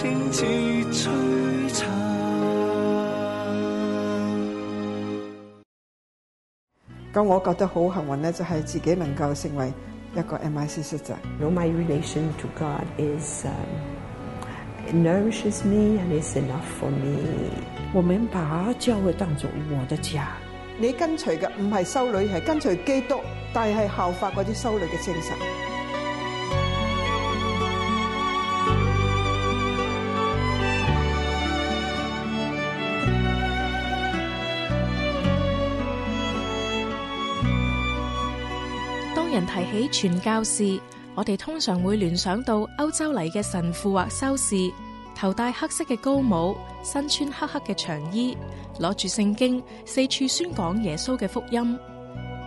咁我覺得好幸運咧，就係自己能夠成為一個 MIC 使者。No, My relation to God is it nourishes me and it's enough for me。我們把教會當作我的家。你跟隨嘅唔係修女，係跟隨基督，但係效法嗰啲修女嘅精神。喺傳教士，我哋通常會聯想到歐洲嚟嘅神父或修士，頭戴黑色嘅高帽，身穿黑黑嘅長衣，攞住聖經四處宣講耶穌嘅福音。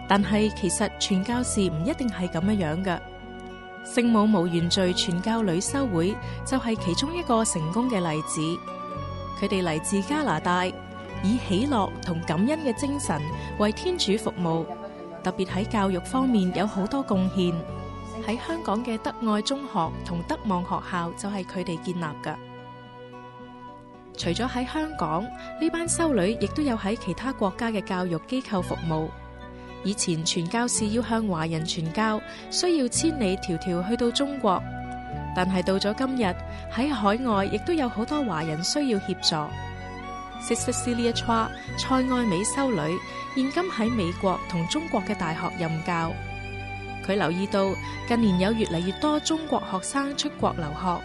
但係其實傳教士唔一定係咁樣樣嘅。聖母無原罪傳教女修會就係其中一個成功嘅例子。佢哋嚟自加拿大，以喜樂同感恩嘅精神為天主服務。特別喺教育方面有好多貢獻，喺香港嘅德愛中學同德望學校就係佢哋建立嘅。除咗喺香港，呢班修女亦都有喺其他國家嘅教育機構服務。以前傳教士要向華人傳教，需要千里迢迢去到中國，但係到咗今日喺海外，亦都有好多華人需要協助。Cecilia Choi 蔡愛美修女，現今喺美國同中國嘅大學任教。佢留意到近年有越嚟越多中國學生出國留學。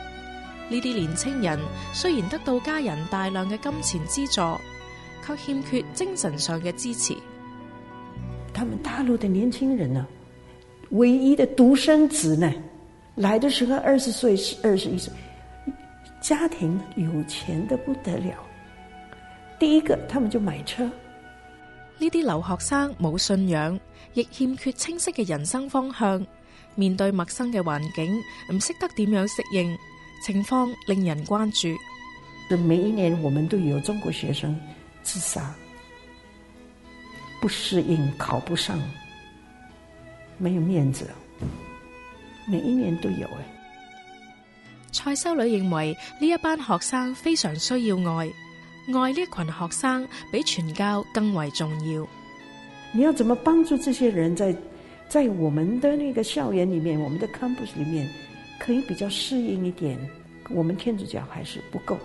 呢啲年輕人雖然得到家人大量嘅金錢資助，卻欠缺精神上嘅支持。他們大陸的年輕人呢，唯一的獨生子呢，來的時候二十歲是二十一歲，家庭有錢得不得了。第一個，他們就買車。呢啲留學生冇信仰，亦欠缺清晰嘅人生方向。面對陌生嘅環境，唔識得點樣適應，情況令人關注。就每一年，我們都有中國學生自殺，不適應，考不上，沒有面子。每一年都有。蔡修女認為，呢一班學生非常需要愛。愛呢群學生比傳教更為重要。你要怎麼幫助這些人在在我們的那個校園裏面，我們的 campus 裏面可以比較適應一點？我們天主教還是不夠，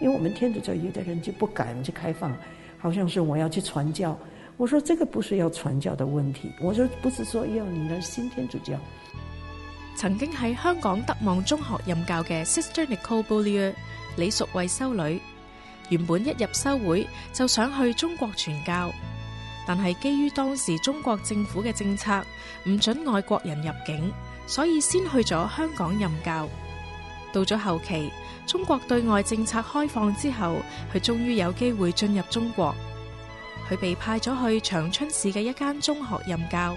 因為我們天主教有的人就不敢去開放，好像是我要去傳教。我說這個不是要傳教的問題，我說不是說要你的新天主教。曾經喺香港德望中學任教嘅 Sister Nicole Bolier，李淑慧修女。，原本一入修會就想去中國傳教，但係基於當時中國政府嘅政策，唔准外國人入境，所以先去咗香港任教。到咗後期，中國對外政策開放之後，佢終於有機會進入中國。佢被派咗去長春市嘅一間中學任教。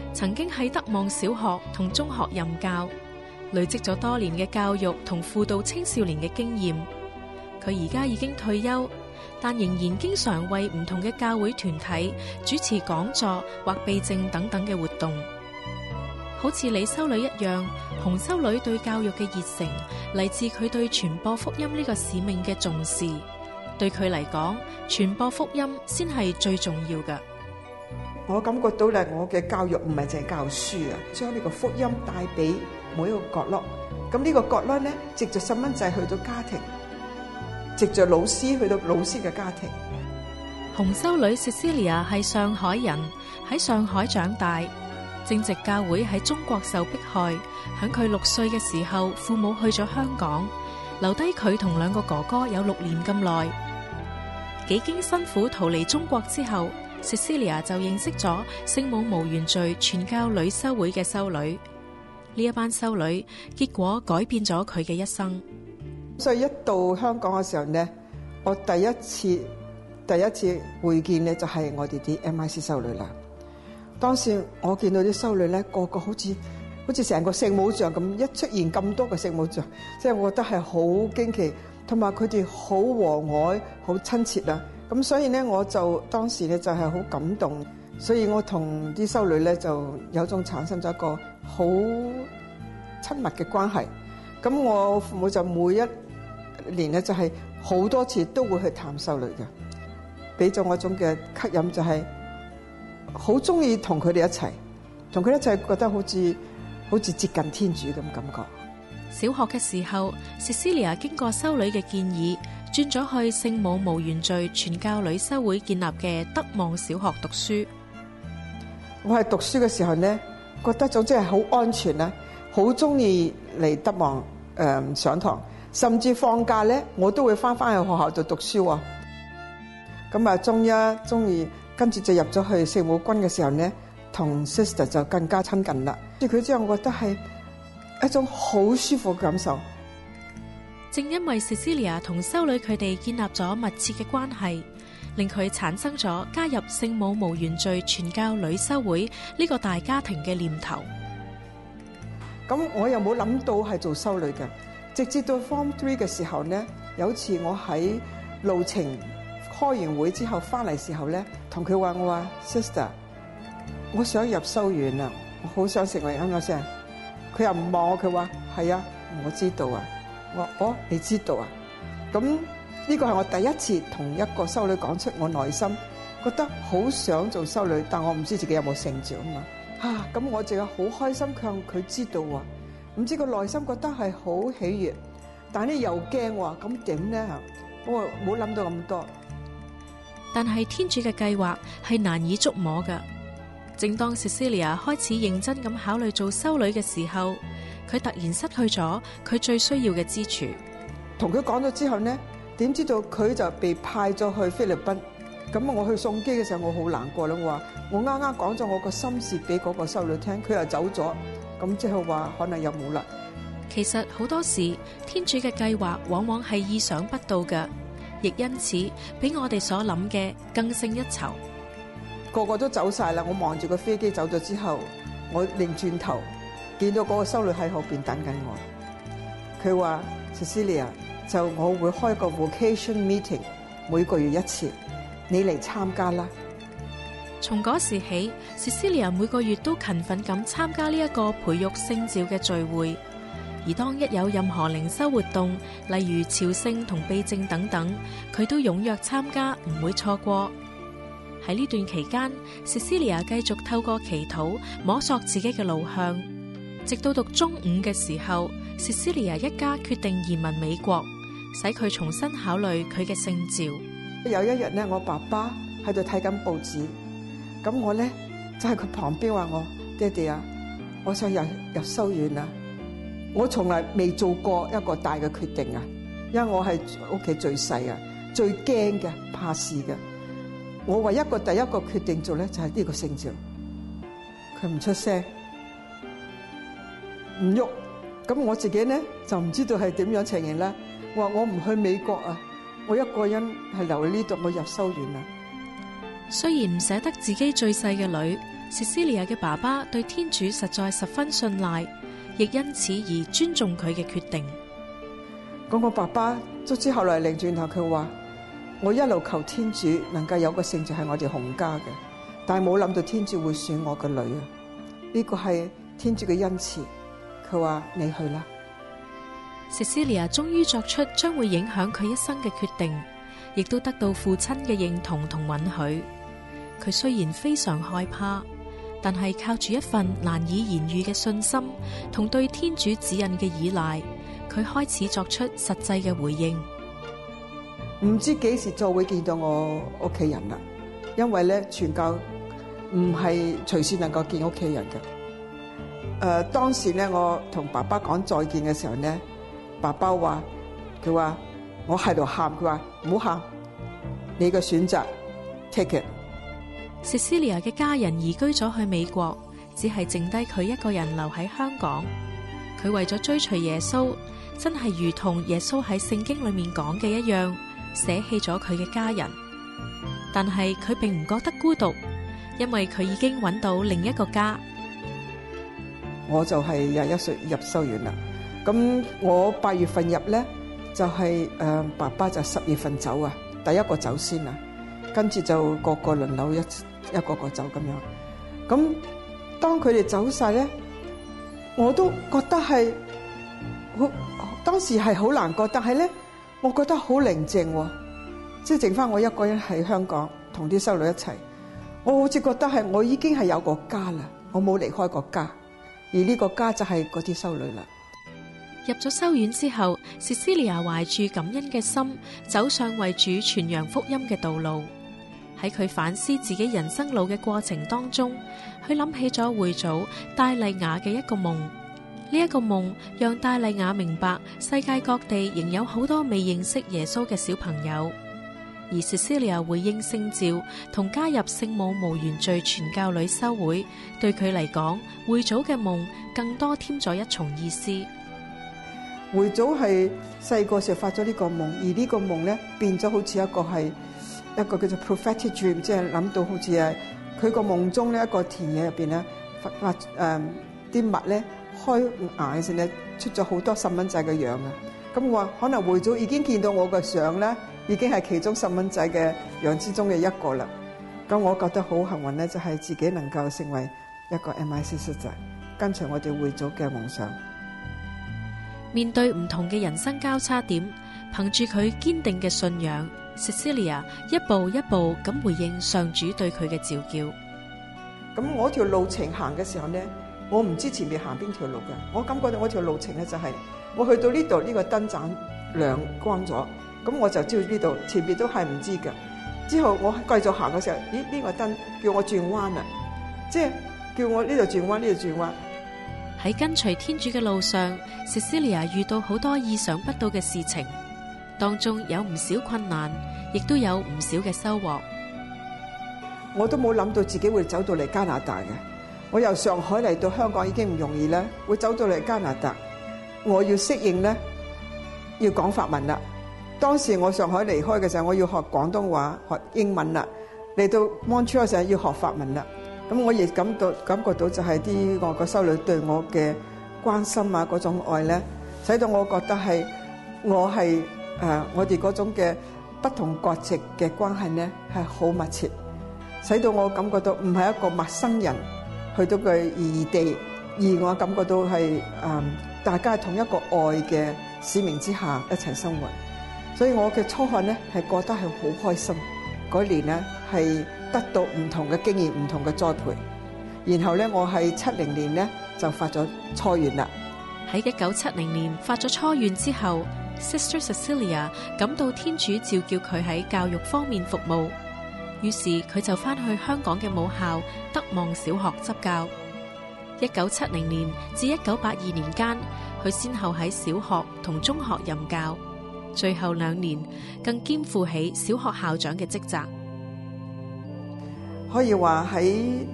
曾經喺德望小學同中學任教，累積咗多年嘅教育同輔導青少年嘅經驗。佢而家已經退休，但仍然經常為唔同嘅教會團體主持講座或避靜等等嘅活動。好似李修女一樣，洪修女對教育嘅熱誠嚟自佢對傳播福音呢個使命嘅重視。對佢嚟講，傳播福音先係最重要嘅。我感覺到咧，我嘅教育唔係淨係教書啊，將呢個福音帶俾每一個角落。咁呢個角落咧，藉著細蚊仔去到家庭，藉著老師去到老師嘅家庭。洪修女 Cecilia 係上海人，喺上海長大，正值教會喺中國受迫害，響佢六歲嘅時候，父母去咗香港，留低佢同兩個哥哥有六年咁耐。幾經辛苦逃離中國之後。塞西利亞就認識咗聖母無原罪傳教女修會嘅修女，呢一班修女結果改變咗佢嘅一生。所以一到香港嘅時候咧，我第一次第一次會見咧就係我哋啲 MIC 修女啦。當時我見到啲修女咧個，個個好似好似成個聖母像咁，一出現咁多個聖母像，即係我覺得係好驚奇，同埋佢哋好和藹、好親切啊。.咁所以咧，我就當時咧就係好感動，所以我同啲修女咧就有種產生咗一個好親密嘅關係。咁我父母就每一年咧就係好多次都會去探修女嘅，俾咗我一種嘅吸引就她，就係好中意同佢哋一齊，同佢一齊就係覺得好似好似接近天主咁感覺。小學嘅時候，Cecilia 經過修女嘅建議。轉咗去聖母無原罪全教女修會建立嘅德望小學讀書，我係讀書嘅時候呢，覺得總之係好安全啊，好中意嚟德望誒、呃、上堂，甚至放假呢，我都會翻翻去學校度讀書。咁啊，中一、中二，跟住就入咗去聖母軍嘅時候呢，同 Sister 就更加親近啦。住佢之後我覺得係一種好舒服嘅感受。正因為 Cecilia 同修女佢哋建立咗密切嘅關係，令佢產生咗加入聖母無原罪傳教女修會呢個大家庭嘅念頭。咁我又冇諗到係做修女嘅，直至到 Form Three 嘅時候呢，有次我喺路程開完會之後翻嚟時候呢，同佢話我話 Sister，我想入修院啦，我好想成為啱唔啱先。佢又唔望我，佢話係啊，我知道啊。我哦，你知道啊？咁呢個係我第一次同一個修女講出我內心，覺得好想做修女，但我唔知自己有冇成長啊嘛。吓，咁我淨係好開心向佢知道啊。唔知個內心覺得係好喜悅，但係又驚話咁點呢？吓？我冇諗到咁多。但係天主嘅計劃係難以捉摸嘅。正當 Cecilia 開始認真咁考慮做修女嘅時候。佢突然失去咗佢最需要嘅支柱，同佢講咗之後呢，點知道佢就被派咗去菲律賓，咁我去送機嘅時候，我好難過啦。我話我啱啱講咗我個心事俾嗰個修女聽，佢又走咗，咁即係話可能又冇啦。其實好多時，天主嘅計劃往往係意想不到嘅，亦因此比我哋所諗嘅更勝一籌。個個都走晒啦，我望住個飛機走咗之，之後，我擰轉頭。見到嗰個修女喺後邊等緊我，佢話 Cecilia 就我會開一個 vocation meeting，每個月一次，你嚟參加啦。從嗰時起，Cecilia 每個月都勤奮咁參加呢一個培育聖召嘅聚會。而當一有任何靈修活動，例如朝聖同避靜等等，佢都踊躍參加，唔會錯過。喺呢段期間，Cecilia 繼續透過祈禱，摸索自己嘅路向。直到讀中五嘅時候 Sylvia 一家決定移民美國，使佢重新考慮佢嘅姓趙。有一日呢，我爸爸喺度睇緊報紙，咁我呢就喺、是、佢旁邊話我爹哋啊，我想入入修院啊，我從來未做過一個大嘅決定啊，因為我係屋企最細啊，最驚嘅怕,怕事嘅，我唯一,一個第一個決定做咧就係呢個姓趙，佢唔出聲。唔喐咁，我自己咧就唔知道係點樣情形啦。我話我唔去美國啊，我一個人係留喺呢度，我入修院啊，雖然唔捨得自己最細嘅女，薛斯 利亞嘅爸爸對天主實在十分信賴，亦因此而尊重佢嘅決定。嗰、那個爸爸，卒之後來擰轉頭，佢話我一路求天主能夠有個聖子係我哋洪家嘅，但係冇諗到天主會選我嘅女啊。呢、這個係天主嘅恩賜。佢話你去啦，食 y l v i a 終於作出將會影響佢一生嘅決定，亦都得到父親嘅認同同允許。佢雖然非常害怕，但係靠住一份難以言喻嘅信心同對天主指引嘅依賴，佢開始作出實際嘅回應。唔知幾時就會見到我屋企人啦，因為咧全教唔係隨時能夠見屋企人嘅。誒，當時咧，我同爸爸講再見嘅時候呢，爸爸話：佢話我喺度喊，佢話唔好喊，你嘅選擇 take it。Cecilia 嘅家人移居咗去美國，只係剩低佢一個人留喺香港。佢為咗追隨耶穌，真係如同耶穌喺聖經裏面講嘅一樣，捨棄咗佢嘅家人。但係佢並唔覺得孤獨，因為佢已經搵到另一個家。我就係廿一歲入修院啦。咁我八月份入咧，就係誒，爸爸就十月份走啊，第一個走先啦。跟住就個個輪流一一個個走咁樣。咁當佢哋走晒，咧，我都覺得係我當時係好難過，但係咧，我覺得好寧靜，即係剩翻我一個人喺香港同啲修女一齊。我好似覺得係我已經係有個家啦，我冇離開個家。而呢個家就係嗰啲修女啦。入咗修院之後，西斯利亞懷住感恩嘅心，走上為主傳揚福音嘅道路。喺佢反思自己人生路嘅過程當中，佢諗起咗會祖戴麗雅嘅一個夢。呢、這、一個夢讓戴麗雅明白，世界各地仍有好多未認識耶穌嘅小朋友。而塞西莉亞回應聖召同加入聖母無原罪傳教女修會，對佢嚟講，會祖嘅夢更多添咗一重意思。會祖係細個時候發咗呢個夢，而呢個夢咧變咗好似一個係一個叫做 prophetic dream，即係諗到好似係佢個夢中呢一個田野入邊咧發誒啲物咧。開眼時咧，出咗好多細蚊仔嘅樣啊！咁話可能會祖已經見到我嘅相咧，已經係其中細蚊仔嘅樣之中嘅一個啦。咁我覺得好幸運咧，就係、是、自己能夠成為一個 MIC 師仔，跟隨我哋會祖嘅夢想。面對唔同嘅人生交叉點，憑住佢堅定嘅信仰，Cecilia 一步一步咁回應上主對佢嘅召叫。咁我條路程行嘅時候咧。我唔知前面行邊條路嘅，我感覺到我條路程咧就係、是，我去到呢度呢個燈盞亮光咗，咁我就知道呢度前面都係唔知嘅。之後我繼續行嘅時候，咦呢、這個燈叫我轉彎啦、啊，即係叫我呢度轉彎呢度轉彎。喺跟隨天主嘅路上，Cecilia 遇到好多意想不到嘅事情，當中有唔少困難，亦都有唔少嘅收穫。我都冇諗到自己會走到嚟加拿大嘅。我由上海嚟到香港已經唔容易啦，會走到嚟加拿大，我要適應咧，要講法文啦。當時我上海離開嘅時候，我要學廣東話、學英文啦。嚟到 Montreal 嘅時候要學法文啦。咁我亦感到感覺到就係啲外國修女對我嘅關心啊，嗰種愛咧，使到我覺得係我係誒我哋嗰種嘅不同國籍嘅關係咧係好密切，使到我感覺到唔係一個陌生人。去到個異地，而我感覺到係誒，大家同一個愛嘅使命之下一齊生活，所以我嘅初漢呢，係過得係好開心。嗰年呢，係得到唔同嘅經驗、唔同嘅栽培，然後呢，我喺七零年呢，就發咗初願啦。喺一九七零年發咗初願之後，Sister Cecilia 感到天主召叫佢喺教育方面服務。於是佢就翻去香港嘅母校德望小學執教。一九七零年至一九八二年間，佢先後喺小學同中學任教，最後兩年更肩負起小學校長嘅職責。可以話喺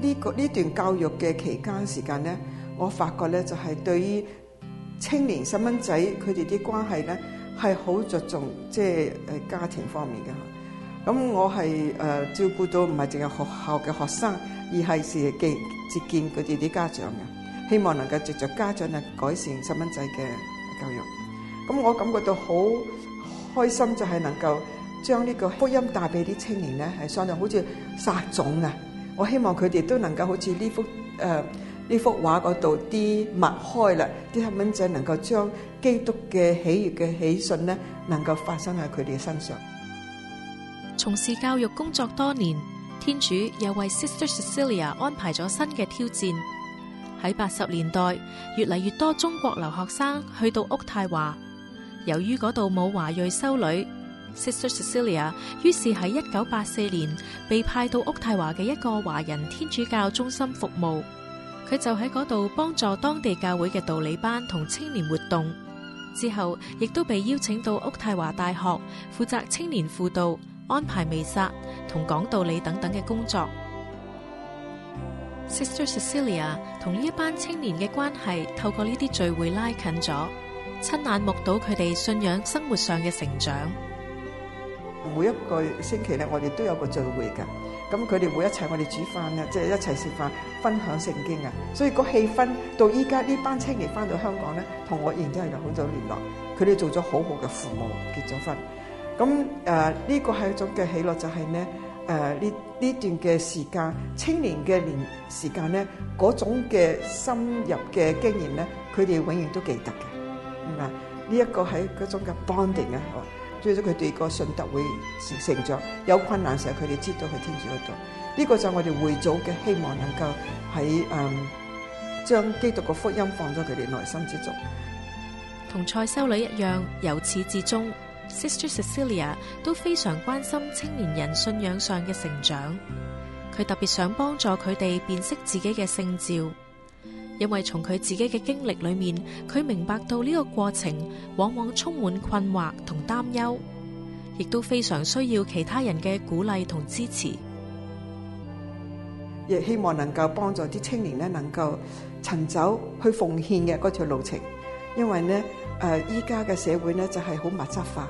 呢個呢段教育嘅期間時間呢，我發覺咧就係對於青年細蚊仔佢哋啲關係咧係好着重，即係誒家庭方面嘅。咁我係誒、呃、照顧到唔係淨係學校嘅學生，而係是見接見佢哋啲家長嘅，希望能夠藉着家長啊改善細蚊仔嘅教育。咁我感覺到好開心，就係能夠將呢個福音帶俾啲青年咧，係相對好似撒種啊！我希望佢哋都能夠好似呢幅誒呢、呃、幅畫嗰度啲麥開啦，啲細蚊仔能夠將基督嘅喜悅嘅喜訊咧，能夠發生喺佢哋身上。從事教育工作多年，天主又為 Sister Cecilia 安排咗新嘅挑戰。喺八十年代，越嚟越多中國留學生去到渥太華。由於嗰度冇華裔修女，Sister Cecilia 於是喺一九八四年被派到渥太華嘅一個華人天主教中心服務。佢就喺嗰度幫助當地教會嘅道理班同青年活動。之後，亦都被邀請到渥太華大學負責青年輔導。安排彌撒同講道理等等嘅工作。Sister Cecilia 同呢一班青年嘅關係透過呢啲聚會拉近咗，親眼目睹佢哋信仰生活上嘅成長。每一個星期咧，我哋都有個聚會噶，咁佢哋會一齊我哋煮飯啊，即係一齊食飯，分享聖經啊，所以個氣氛到依家呢班青年翻到香港咧，同我然之後就好咗聯絡，佢哋做咗好好嘅父母，結咗婚。咁誒，呢個係一種嘅喜樂，就係咧誒，呢呢段嘅時間，青年嘅年時間咧，嗰種嘅深入嘅經驗咧，佢哋永遠都記得嘅。嗱，呢一個係嗰種嘅 bonding 啊，係嘛，最咗佢哋個信德會成成長，有困難時候佢哋知道去天主嗰度。呢個就係我哋會組嘅希望能夠喺誒，將基督嘅福音放咗佢哋內心之中。同蔡修女一樣，由始至終。Sister Cecilia 都非常關心青年人信仰上嘅成長，佢特別想幫助佢哋辨識自己嘅聖召，因為從佢自己嘅經歷裏面，佢明白到呢個過程往往充滿困惑同擔憂，亦都非常需要其他人嘅鼓勵同支持，亦希望能夠幫助啲青年咧，能夠尋找去奉獻嘅嗰條路程，因為呢，誒、呃，依家嘅社會呢，就係好物質化。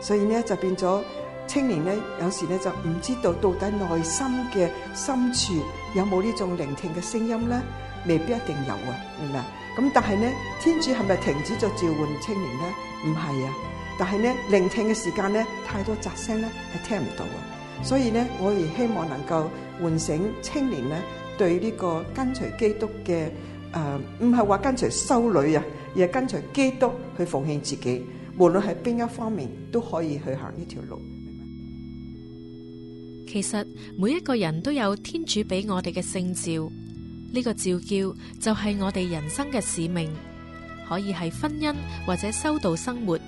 所以咧就變咗青年咧，有時咧就唔知道到底內心嘅深處有冇呢種聆聽嘅聲音咧，未必一定有啊，明唔明啊？咁但係咧，天主係咪停止咗召喚青年咧？唔係啊，但係咧聆聽嘅時間咧太多雜聲咧係聽唔到啊。所以咧，我亦希望能夠喚醒青年咧對呢個跟隨基督嘅，誒，唔係話跟隨修女啊，而係跟隨基督去奉獻自己。無論喺邊一方面都可以去行呢條路。其實每一個人都有天主俾我哋嘅聖召，呢、這個召叫就係、是、我哋人生嘅使命，可以係婚姻或者修道生活，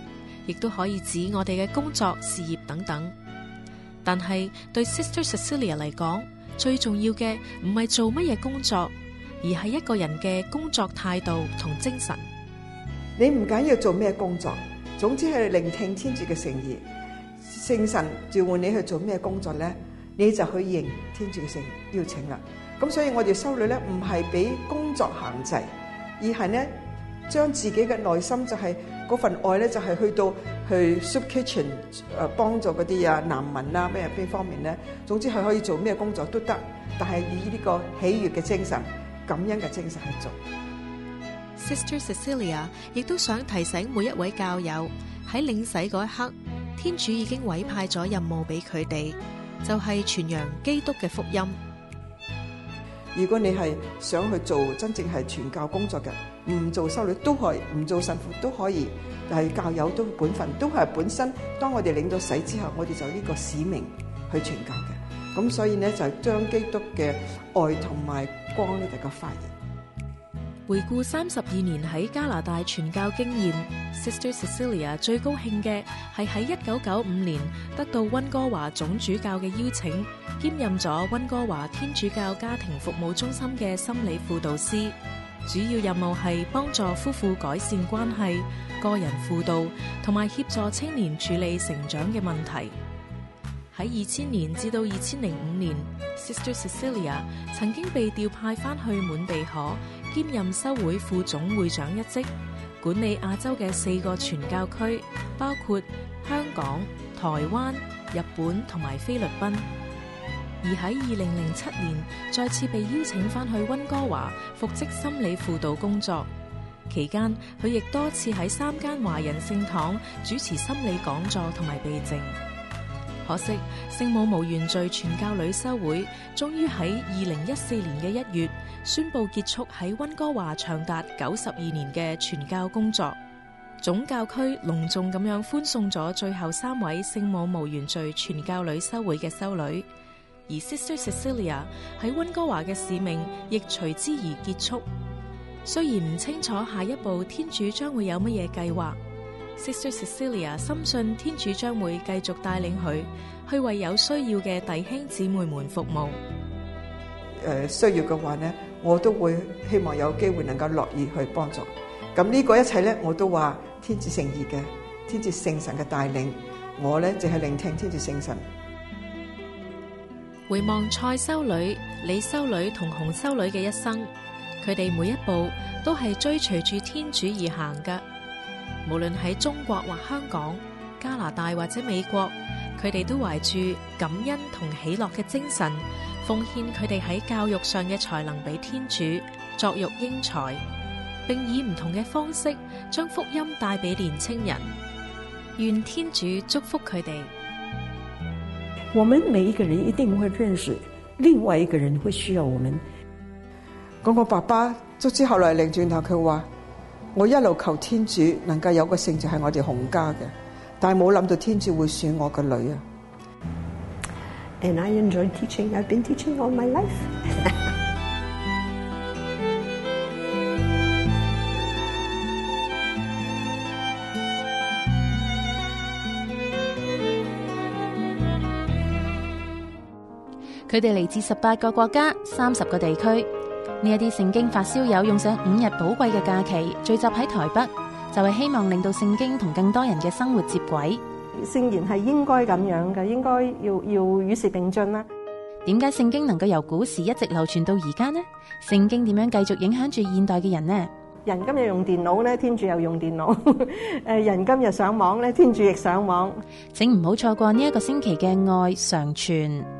亦都可以指我哋嘅工作事業等等。但係對 Sister Cecilia 嚟講，最重要嘅唔係做乜嘢工作，而係一個人嘅工作態度同精神。你唔緊要做咩工作？總之係聆聽天主嘅誠意，聖神召喚你去做咩工作咧，你就去應天主嘅聖邀請啦。咁所以我哋修女咧唔係俾工作限制，而係咧將自己嘅內心就係、是、嗰份愛咧就係、是、去到去 soup kitchen 誒幫助嗰啲啊難民啦咩邊方面咧，總之係可以做咩工作都得，但係以呢個喜悅嘅精神、感恩嘅精神去做。Sister Cecilia 亦都想提醒每一位教友喺領洗嗰一刻，天主已經委派咗任務俾佢哋，就係傳揚基督嘅福音。如果你係想去做真正係傳教工作嘅，唔做修女都可以，唔做神父都可以，但係教友都本分，都係本身。當我哋領咗洗之後，我哋就呢個使命去傳教嘅。咁所以咧就將基督嘅愛同埋光呢個發現。回顧三十二年喺加拿大傳教經驗，Sister Cecilia 最高興嘅係喺一九九五年得到温哥華總主教嘅邀請，兼任咗温哥華天主教家庭服務中心嘅心理輔導師，主要任務係幫助夫婦改善關係、個人輔導同埋協助青年處理成長嘅問題。喺二千年至到二千零五年，Sister Cecilia 曾經被調派返去滿地可。兼任修會副總會長一職，管理亞洲嘅四個傳教區，包括香港、台灣、日本同埋菲律賓。而喺二零零七年，再次被邀請翻去溫哥華，復職心理輔導工作。期間，佢亦多次喺三間華人聖堂主持心理講座同埋備證。可惜，聖母無原罪傳教女修會終於喺二零一四年嘅一月宣布結束喺温哥華長達九十二年嘅傳教工作。總教區隆重咁樣歡送咗最後三位聖母無原罪傳教女修會嘅修女，而 Sister Cecilia 喺温哥華嘅使命亦隨之而結束。雖然唔清楚下一步天主將會有乜嘢計劃。Sister Cecilia 深信天主將會繼續帶領佢去為有需要嘅弟兄姊妹們服務。誒，需要嘅話呢，我都會希望有機會能夠樂意去幫助。咁呢個一切咧，我都話天主聖意嘅，天主聖神嘅帶領，我咧淨係聆聽天主聖神。回望蔡修女、李修女同洪修女嘅一生，佢哋每一步都係追隨住天主而行嘅。無論喺中國或香港、加拿大或者美國，佢哋都懷住感恩同喜樂嘅精神，奉獻佢哋喺教育上嘅才能俾天主作育英才，並以唔同嘅方式將福音帶俾年青人。願天主祝福佢哋。我們每一個人一定會認識另外一個人，會需要我們。咁我爸爸卒之後來擰轉頭，佢話。我一路求天主，能夠有個聖召就係我哋洪家嘅，但係冇諗到天主會選我個女啊！And I enjoy teaching. I've been teaching all my life. 佢哋嚟自十八個國家、三十個地區。呢一啲聖經發燒友用上五日寶貴嘅假期聚集喺台北，就係希望令到聖經同更多人嘅生活接軌。聖言係應該咁樣嘅，應該要要與時並進啦。點解聖經能夠由古時一直流傳到而家呢？聖經點樣繼續影響住現代嘅人呢？人今日用電腦咧，天主又用電腦。誒，人今日上網咧，天主亦上網。請唔好錯過呢一個星期嘅愛常傳。